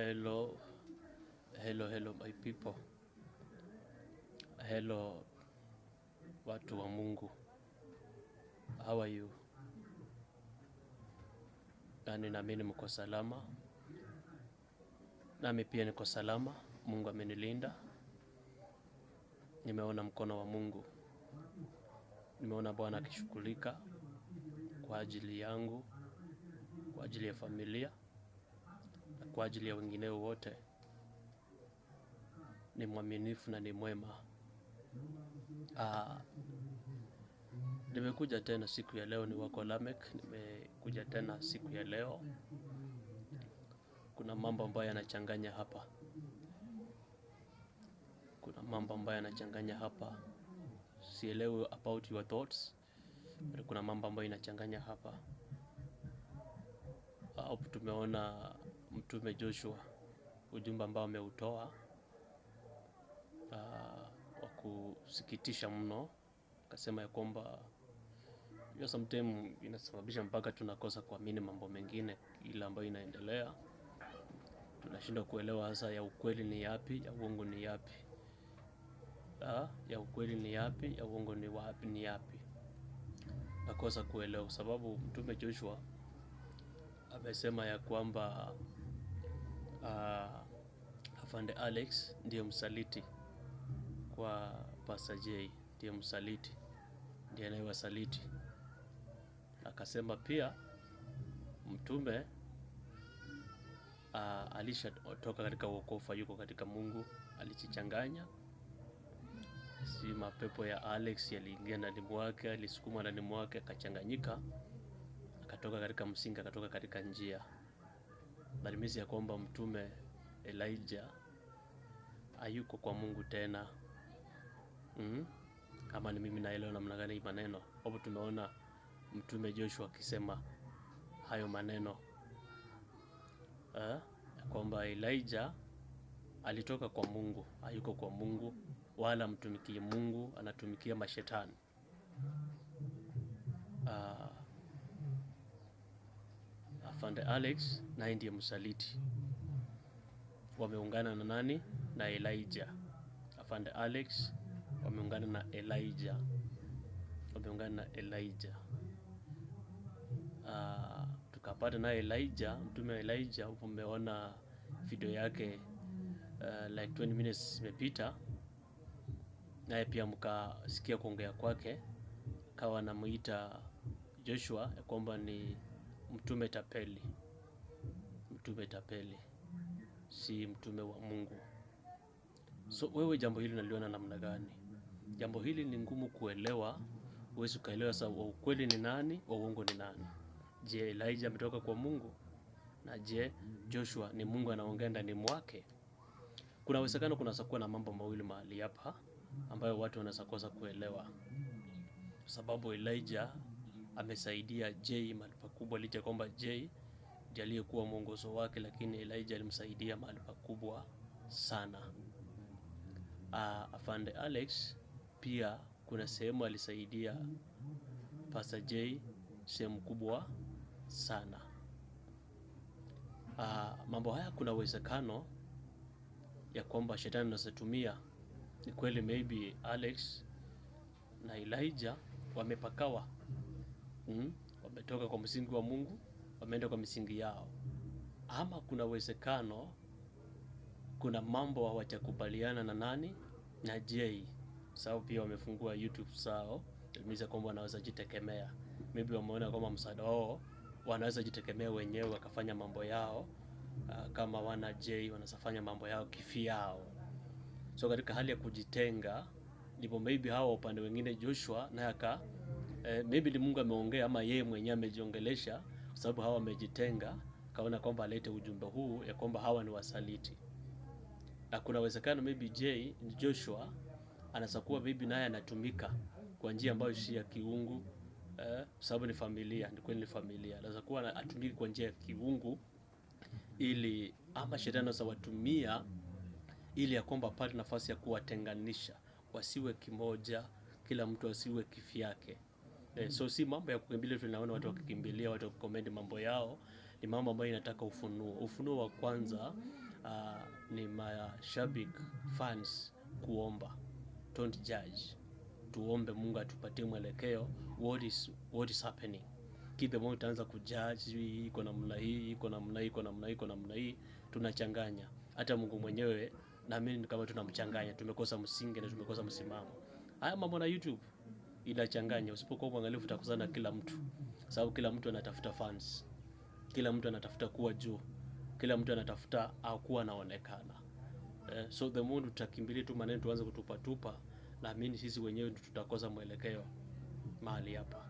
hello hello hello my people hello watu wa mungu how are you yani naamini mko salama nami pia niko salama mungu amenilinda nimeona mkono wa mungu nimeona bwana akishughulika kwa ajili yangu kwa ajili ya familia kwa ajili ya wengineo wote. Ni mwaminifu na ni mwema. Aa, ah, nimekuja tena siku ya leo, ni wako Lamek. Nimekuja tena siku ya leo, kuna mambo ambayo yanachanganya hapa, kuna mambo ambayo yanachanganya hapa, sielewi about your thoughts, kuna mambo ambayo inachanganya hapa. Hapo ah, tumeona Mtume Joshua, ujumbe ambao ameutoa wa kusikitisha mno, akasema ya kwamba hiyo sometime inasababisha mpaka tunakosa kuamini mambo mengine ile ambayo inaendelea, tunashindwa kuelewa hasa ya ukweli ni yapi, ya uongo ni yapi, ha? ya ukweli ni yapi, ya uongo ni wapi, ni yapi, nakosa kuelewa, sababu Mtume Joshua amesema ya kwamba uh, afande Alex ndiye msaliti kwa Pastor J, ndiye msaliti, ndiye anayewasaliti. Akasema pia mtume uh, alishatoka katika uokofa yuko katika Mungu, alichichanganya si mapepo ya Alex yaliingia ndani mwake, alisukuma ndani mwake, akachanganyika, akatoka katika msingi, akatoka katika njia. Barimisi ya kwamba mtume Elijah hayuko kwa Mungu tena mm? Ama ni mimi naelewa namna gani hii maneno? Hapo tumeona mtume Joshua akisema hayo maneno eh? Kwamba Elijah alitoka kwa Mungu, hayuko kwa Mungu wala mtumikie Mungu, anatumikia mashetani ah. Fande Alex naye ndiye msaliti, wameungana na nani? Na Elijah. Afande Alex wameungana na Elijah, wameungana na Elijah. Uh, tukapata naye Elijah, mtume wa Elijah. Hupo mmeona video yake uh, like 20 minutes imepita, naye pia mkasikia kuongea kwake, kawa anamuita Joshua ya kwamba ni mtume tapeli, mtume tapeli, si mtume wa Mungu. So wewe jambo hili unaliona namna gani? Jambo hili ni ngumu kuelewa, huwezi ukaelewa sasa wa ukweli ni nani, wa uongo ni nani. Je, Elijah ametoka kwa Mungu? Na je, Joshua ni Mungu anaongea ndani mwake? Kuna uwezekano kunaweza kuwa na mambo mawili mahali hapa ambayo watu wanaweza kosa kuelewa, sababu Elijah amesaidia J mahali pakubwa, licha kwamba J ndiye aliyekuwa mwongozo wake, lakini Elijah alimsaidia mahali pakubwa sana. Uh, afande Alex pia kuna sehemu alisaidia Pastor J sehemu kubwa sana. Uh, mambo haya kuna uwezekano ya kwamba shetani anazitumia. Ni kweli, maybe Alex na Elijah wamepakawa mm, wametoka kwa msingi wa Mungu wameenda kwa misingi yao, ama kuna uwezekano kuna mambo hawajakubaliana na nani na J, sababu pia wamefungua YouTube sao imiza kwamba wanaweza jitegemea, maybe wameona kwamba msaada wao wanaweza jitegemea wenyewe wakafanya mambo yao. Uh, kama wana J wanasafanya mambo yao kifiao so katika hali ya kujitenga ndipo maybe hao upande wengine Joshua naye aka eh, maybe ni Mungu ameongea ama yeye mwenyewe amejiongelesha, kwa sababu hawa wamejitenga, kaona kwamba alete ujumbe huu ya kwamba hawa ni wasaliti, na kuna uwezekano maybe J Joshua anasakuwa kuwa naye anatumika kwa njia ambayo si ya kiungu eh, sababu ni familia, ni kweli ni familia, anaweza kuwa atumiki kwa njia ya kiungu ili ama shetani anaweza watumia ili ya kwamba apate nafasi ya kuwatenganisha wasiwe kimoja, kila mtu asiwe kifyake. Eh, so si mambo ya kukimbilia tu, naona watu wakikimbilia, watu wakikomenti mambo yao, ni mambo ambayo inataka ufunuo. Ufunuo wa kwanza uh, ni mashabiki fans kuomba, don't judge, tuombe Mungu atupatie mwelekeo, what is what is happening kitu ambayo utaanza kujaji iko namna hii, iko namna hii, iko namna hii, iko namna hii, tunachanganya. Hata Mungu mwenyewe naamini kama tunamchanganya, tumekosa msingi na tumekosa msimamo. Haya mambo na YouTube inachanganya. Usipokuwa mwangalifu, utakuzana kila mtu, sababu kila mtu anatafuta fans, kila mtu anatafuta kuwa juu, kila mtu anatafuta akuwa anaonekana. Eh, so the moon tutakimbilia tu maneno tuanze kutupa kutupatupa, naamini sisi wenyewe tutakosa mwelekeo mahali hapa,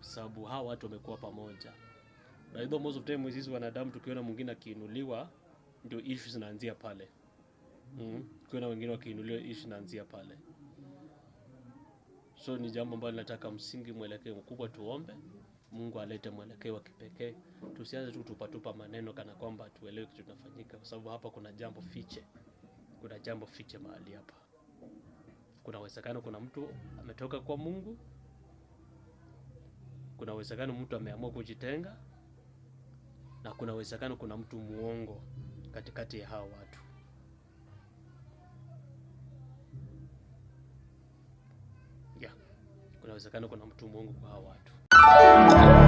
sababu hawa watu wamekuwa pamoja na hivyo most of time sisi wanadamu tukiona mwingine akiinuliwa ndio issue zinaanzia pale. Mm, tukiona wengine wakiinuliwa issue zinaanzia pale. So ni jambo ambalo nataka msingi, mwelekeo mkubwa. Tuombe Mungu alete mwelekeo wa kipekee, tusianze tu tupatupa maneno kana kwamba tuelewe kitu kinafanyika, kwa sababu hapa kuna jambo fiche, kuna jambo fiche mahali hapa. Kuna uwezekano kuna mtu ametoka kwa Mungu, kuna uwezekano mtu ameamua kujitenga, na kuna uwezekano kuna mtu muongo katikati ya hawa watu. kuna uwezekano kuna mtu Mungu kwa hao watu